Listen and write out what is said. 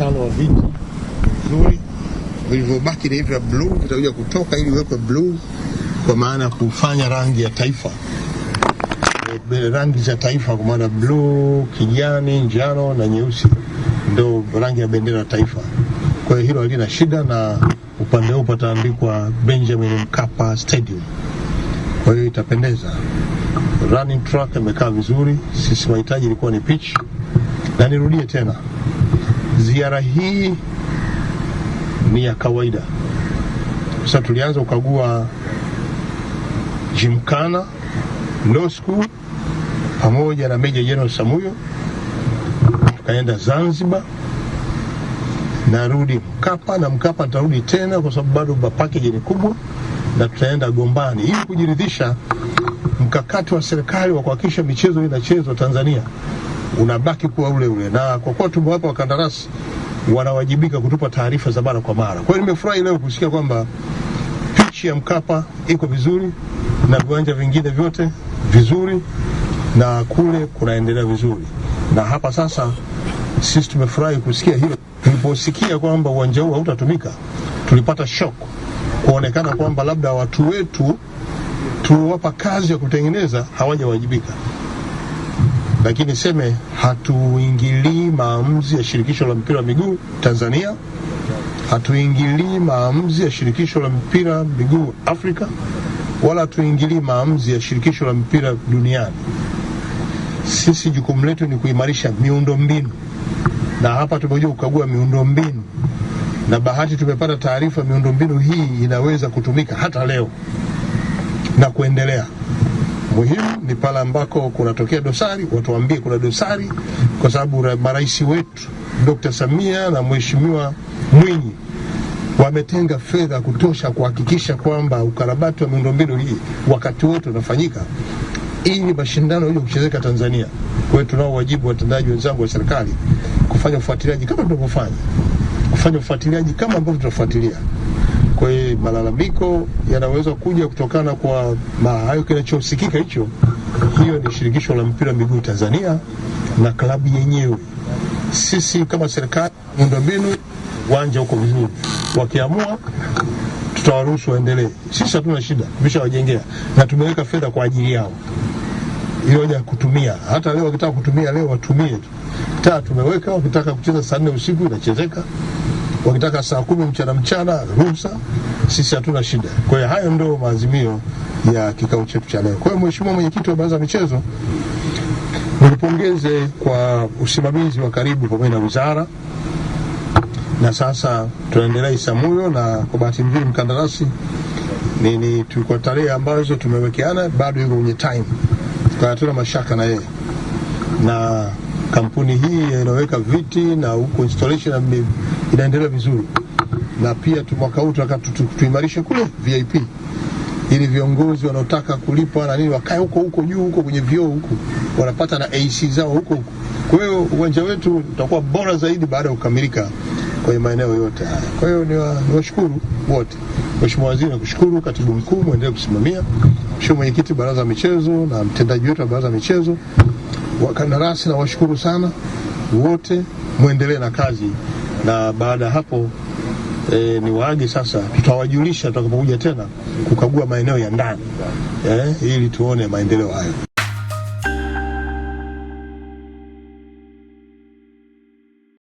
mtano wa viti vizuri vilivyobaki ni hivi vya bluu, vitakuja kutoka ili iwekwe bluu, kwa maana ya kufanya rangi ya taifa, eh, rangi za taifa, kwa maana bluu, kijani, njano na nyeusi ndo rangi ya bendera ya taifa. Kwa hiyo hilo halina shida, na upande huu pataandikwa Benjamin Mkapa Stadium, kwa hiyo itapendeza. Running track imekaa vizuri, sisi mahitaji ilikuwa ni pitch, na nirudie tena ziara hii ni ya kawaida. Sasa tulianza kukagua Jimkana Low School pamoja na Meja Jenerali Samuyo, tukaenda Zanzibar, narudi Mkapa na Mkapa nitarudi tena, kwa sababu bado package ni kubwa, na tutaenda Gombani ili kujiridhisha mkakati wa serikali wa kuhakikisha michezo inachezwa Tanzania unabaki kuwa ule ule, na kwa kuwa tumewapa wakandarasi wanawajibika kutupa taarifa za mara kwa mara. Kwa hiyo nimefurahi leo kusikia kwamba pichi ya Mkapa iko vizuri na viwanja vingine vyote vizuri, na kule kunaendelea vizuri, na hapa sasa sisi tumefurahi kusikia hilo. Tuliposikia kwamba uwanja huu hautatumika, tulipata shock kuonekana kwamba labda watu wetu tuliwapa kazi ya kutengeneza hawajawajibika lakini niseme hatuingilii maamuzi ya shirikisho la mpira wa miguu Tanzania, hatuingilii maamuzi ya shirikisho la mpira wa miguu Afrika, wala hatuingilii maamuzi ya shirikisho la mpira duniani. Sisi jukumu letu ni kuimarisha miundombinu, na hapa tumekuja kukagua mbinu na bahati tumepata taarifa miundombinu hii inaweza kutumika hata leo na kuendelea. Muhimu ni pale ambako kunatokea dosari, watuambie kuna dosari, kwa sababu marais wetu Dr. Samia na Mheshimiwa Mwinyi wametenga fedha kutosha kuhakikisha kwamba ukarabati wa miundombinu hii wakati wote unafanyika. Hii ni mashindano ili kuchezeka Tanzania. Kwa hiyo tunao wajibu watendaji wenzangu wa serikali kufanya ufuatiliaji kama tunavyofanya, kufanya ufuatiliaji kama ambavyo tunafuatilia kwa hiyo malalamiko yanaweza kuja kutokana kwa hayo, kinachosikika hicho, hiyo ni shirikisho la mpira miguu Tanzania na klabu yenyewe. Sisi kama serikali, miundombinu, uwanja uko vizuri, wakiamua tutawaruhusu waendelee. Sisi hatuna shida, tumeshawajengea na tumeweka fedha kwa ajili yao ya kutumia. Hata leo wakitaka kutumia leo watumie tu, taa tumeweka, wakitaka kucheza saa nne usiku inachezeka wakitaka saa kumi mchana mchana ruhusa, sisi hatuna shida. Kwa hiyo hayo ndio maazimio ya kikao chetu cha leo. Kwa hiyo Mheshimiwa Mwenyekiti wa Baraza la Michezo, nikupongeze kwa usimamizi wa karibu pamoja na wizara, na sasa tunaendelea Isamuyo, na kwa bahati nzuri mkandarasi nini, kwa tarehe ambazo tumewekeana bado yuko kwenye time, kwa hatuna mashaka na yeye na kampuni hii inaweka viti na huko installation inaendelea vizuri, na pia mwaka huu tunataka tuimarishe kule VIP ili viongozi wanaotaka kulipa na nini wakae huko huko juu huko kwenye vyoo huko, wanapata na AC zao huko huko. Kwa hiyo uwanja wetu utakuwa bora zaidi baada ya kukamilika kwenye maeneo yote haya. Kwa hiyo niwashukuru wa, ni wote. Mheshimiwa Waziri, nakushukuru. Katibu Mkuu, mwendelee kusimamia. Mheshimiwa Mwenyekiti Baraza la Michezo na mtendaji wetu wa Baraza la Michezo, wakandarasi, nawashukuru sana wote, mwendelee na kazi na baada ya hapo E, ni waage sasa, tutawajulisha tutakapokuja tena kukagua maeneo ya ndani e, ili tuone maendeleo hayo.